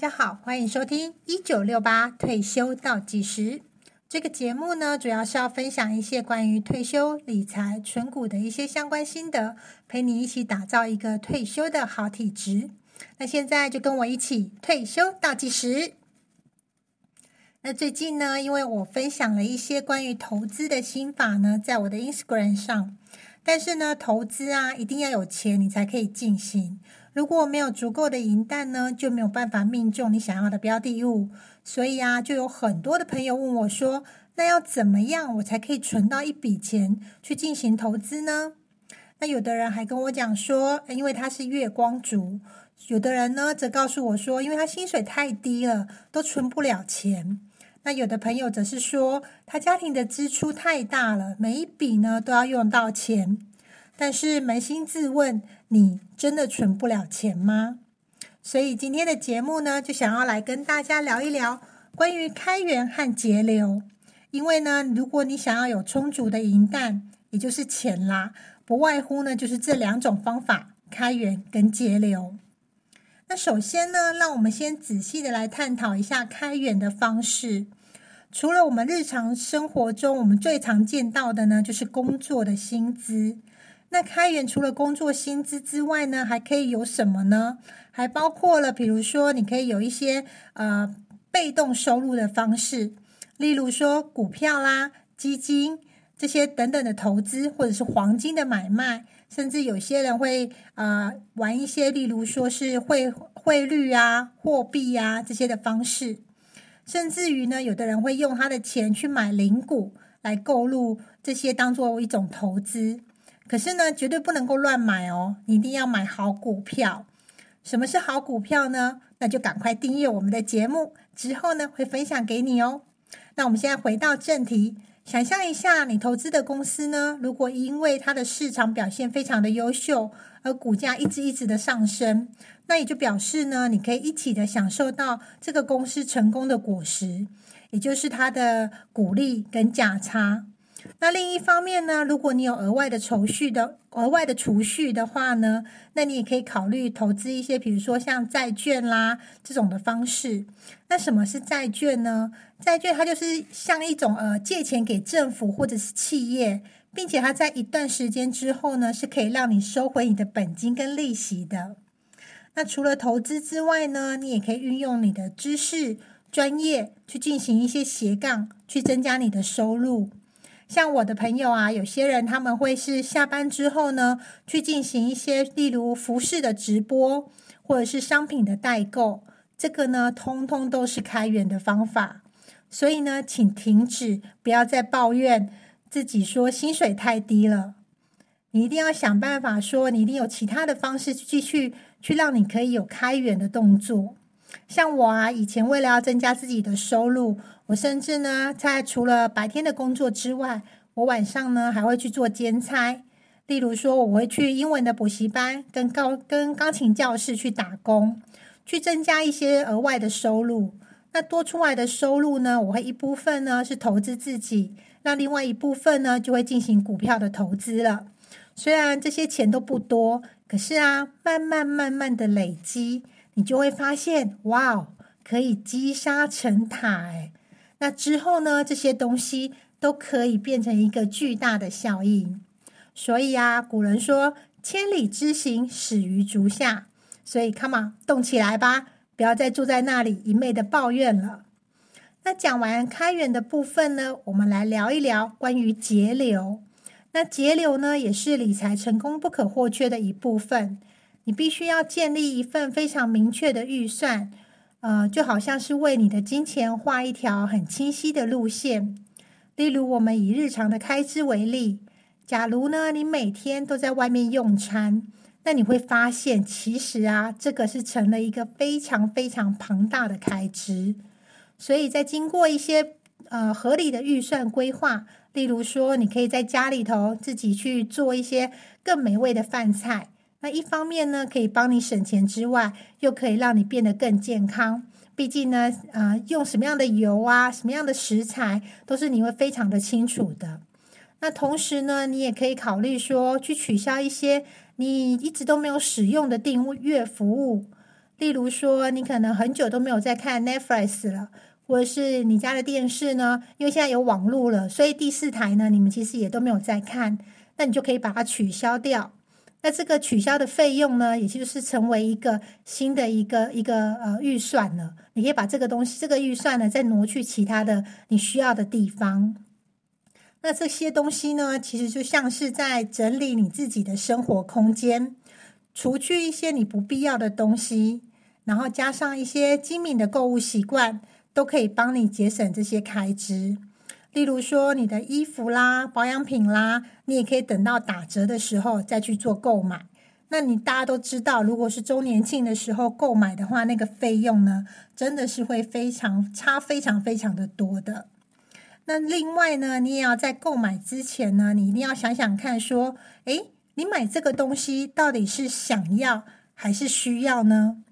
大家好，歡迎收聽《一九六八退休倒計時》這個節目呢，主要是要分享一些關於退休、理財、存股的一些相關心得，陪你一起打造一個退休的好體質。那現在就跟我一起退休倒計時。那最近呢，因為我分享了一些關於投資的心法呢，在我的 Instagram 上，但是呢，投資啊，一定要有錢，你才可以進行。如果沒有足夠的銀彈呢，就沒有辦法命中你想要的標的物。所以啊，就有很多的朋友問我說：“那要怎麼樣我才可以存到一筆錢去進行投資呢？”那有的人還跟我講說，因為他是月光族；有的人呢，則告訴我說，因為他薪水太低了，都存不了錢。那有的朋友則是說，他家庭的支出太大了，每一筆呢都要用到錢。但是捫心自問，你真的存不了錢嗎？所以今天的節目呢，就想要來跟大家聊一聊關於開源和節流。因為呢，如果你想要有充足的銀彈，也就是錢啦，不外乎呢就是這兩種方法：開源跟節流。那首先呢，讓我們先仔細的來探討一下開源的方式。除了我們日常生活中我們最常見到的呢，就是工作的薪資。那開源除了工作薪資之外呢，還可以有什麼呢？還包括了，比如說你可以有一些呃被動收入的方式，例如說股票啦、啊、基金這些等等的投資，或者是黃金的買賣，甚至有些人會啊、呃，玩一些，例如說是匯匯率啊、貨幣啊這些的方式，甚至於呢，有的人會用他的錢去買零股來購入這些，當做一種投資。可是呢，絕對不能夠亂買哦，你一定要買好股票。什麼是好股票呢？那就趕快訂閱我們的節目，之後呢會分享給你哦。那我們現在回到正題，想象一下，你投資的公司呢，如果因為它的市場表現非常的優秀，而股價一直一直的上升，那也就表示呢，你可以一起的享受到這個公司成功的果實，也就是它的股利跟價差。那另一方面呢，如果你有額外的儲蓄的額外的儲蓄的話呢，那你也可以考慮投資一些，比如說像債券啦這種的方式。那什麼是債券呢？債券它就是像一種呃借錢給政府或者是企業，並且它在一段時間之後呢是可以讓你收回你的本金跟利息的。那除了投資之外呢，你也可以運用你的知識、專業去進行一些斜槓，去增加你的收入。像我的朋友啊，有些人他們會是下班之後呢，去進行一些例如服飾的直播，或者是商品的代購，這個呢，通通都是開源的方法。所以呢，請停止，不要再抱怨自己說薪水太低了。你一定要想辦法說，你一定有其他的方式去繼續去，去讓你可以有開源的動作。像我啊，以前為了要增加自己的收入，我甚至呢，在除了白天的工作之外，我晚上呢還會去做兼差。例如說，我會去英文的補習班、跟高、跟鋼琴教室去打工，去增加一些額外的收入。那多出來的收入呢，我會一部分呢是投資自己，那另外一部分呢就會進行股票的投資了。雖然這些錢都不多，可是啊，慢慢慢慢的累積。你就會發現，哇哦，可以積沙成塔誒。那之後呢，這些東西都可以變成一個巨大的效應。所以啊，古人說“千里之行，始於足下”。所以，come on，動起來吧，不要再住在那裡一味的抱怨了。那講完開源的部分呢，我們來聊一聊關於節流。那節流呢，也是理財成功不可或缺的一部分。你必須要建立一份非常明確的預算，呃，就好像是為你的金錢畫一條很清晰的路線。例如，我們以日常的開支為例，假如呢你每天都在外面用餐，那你會發現，其實啊，這個是成了一個非常非常龐大的開支。所以，在經過一些呃合理的預算規劃，例如說，你可以在家裡頭自己去做一些更美味的飯菜。那一方面呢，可以幫你省錢之外，又可以讓你變得更健康。畢竟呢，啊、呃，用什麼樣的油啊，什麼樣的食材，都是你會非常的清楚的。那同時呢，你也可以考慮說，去取消一些你一直都沒有使用的訂閱服務。例如說，你可能很久都沒有在看 Netflix 了，或者是你家的電視呢，因為現在有網絡了，所以第四台呢，你們其實也都沒有在看，那你就可以把它取消掉。那這個取消的費用呢，也就是成為一個新的一個一個呃預算了。你可以把這個東西，這個預算呢，再挪去其他的你需要的地方。那這些東西呢，其實就像是在整理你自己的生活空間，除去一些你不必要的東西，然後加上一些精明的購物習慣，都可以幫你節省這些開支。例如說你的衣服啦、保養品啦，你也可以等到打折的時候再去做購買。那你大家都知道，如果是週年慶的時候購買的話，那個費用呢，真的是會非常差，非常非常的多的。那另外呢，你也要在購買之前呢，你一定要想想看，說，哎，你買這個東西到底是想要還是需要呢？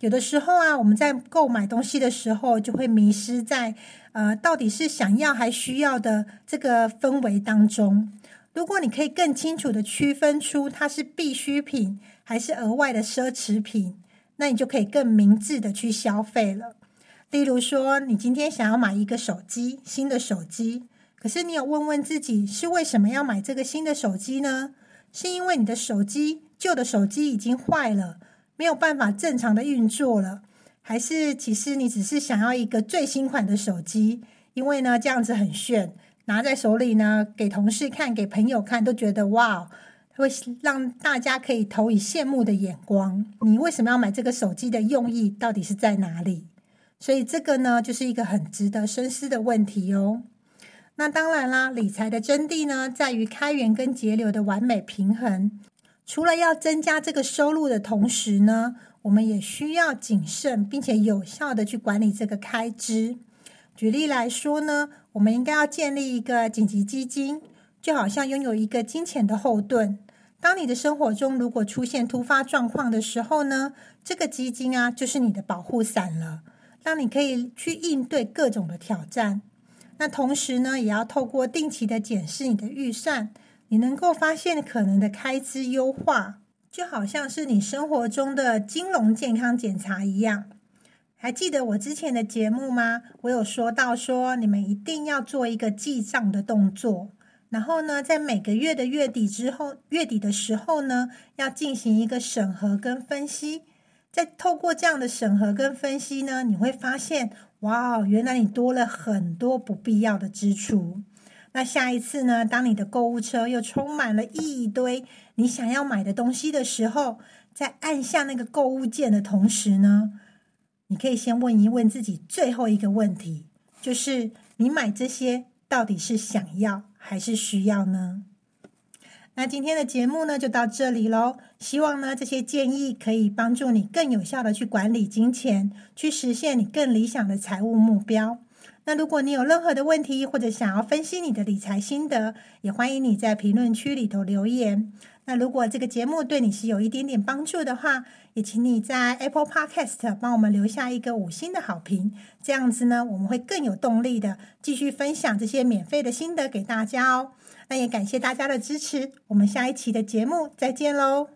有的時候啊，我們在購買東西的時候，就會迷失在呃，到底是想要還需要的這個氛圍當中。如果你可以更清楚的區分出它是必需品還是額外的奢侈品，那你就可以更明智的去消費了。例如說，你今天想要買一個手機，新的手機，可是你有問問自己，是為什麼要買這個新的手機呢？是因為你的手機，舊的手機已經壞了。沒有辦法正常的運作了，還是其實你只是想要一個最新款的手機，因為呢這樣子很炫，拿在手裡呢，給同事看，給朋友看都覺得哇，會讓大家可以投以羨慕的眼光。你為什麼要買這個手機的用意到底是在哪裡？所以這個呢，就是一個很值得深思的問題哦。那當然啦，理財的真諦呢，在於開源跟節流的完美平衡。除了要增加這個收入的同時呢，我們也需要謹慎並且有效的去管理這個開支。舉例來說呢，我們應該要建立一個緊急基金，就好像擁有一個金錢的後盾。當你的生活中如果出現突發狀況的時候呢，這個基金啊就是你的保護傘了，讓你可以去應對各種的挑戰。那同時呢，也要透過定期的檢視你的預算。你能夠發現可能的開支優化，就好像是你生活中的金融健康檢查一樣。還記得我之前的節目嗎？我有說到說，你們一定要做一個記賬的動作，然後呢，在每個月的月底之後，月底的時候呢，要進行一個審核跟分析。再透過這樣的審核跟分析呢，你會發現，哇，原來你多了很多不必要的支出。那下一次呢，當你的購物車又充滿了一堆你想要買的東西的時候，在按下那個購物鍵的同時呢，你可以先問一問自己最後一個問題，就是你買這些到底是想要還是需要呢？那今天的節目呢就到這裡嘍。希望呢這些建議可以幫助你更有效的去管理金錢，去實現你更理想的財務目標。那如果你有任何的問題，或者想要分析你的理財心得，也歡迎你在評論區裡頭留言。那如果這個節目對你是有一點點幫助的話，也請你在 Apple Podcast 幫我們留下一個五星的好評，這樣子呢，我們會更有動力的繼續分享這些免費的心得給大家哦。那也感謝大家的支持，我們下一期的節目再見嘍。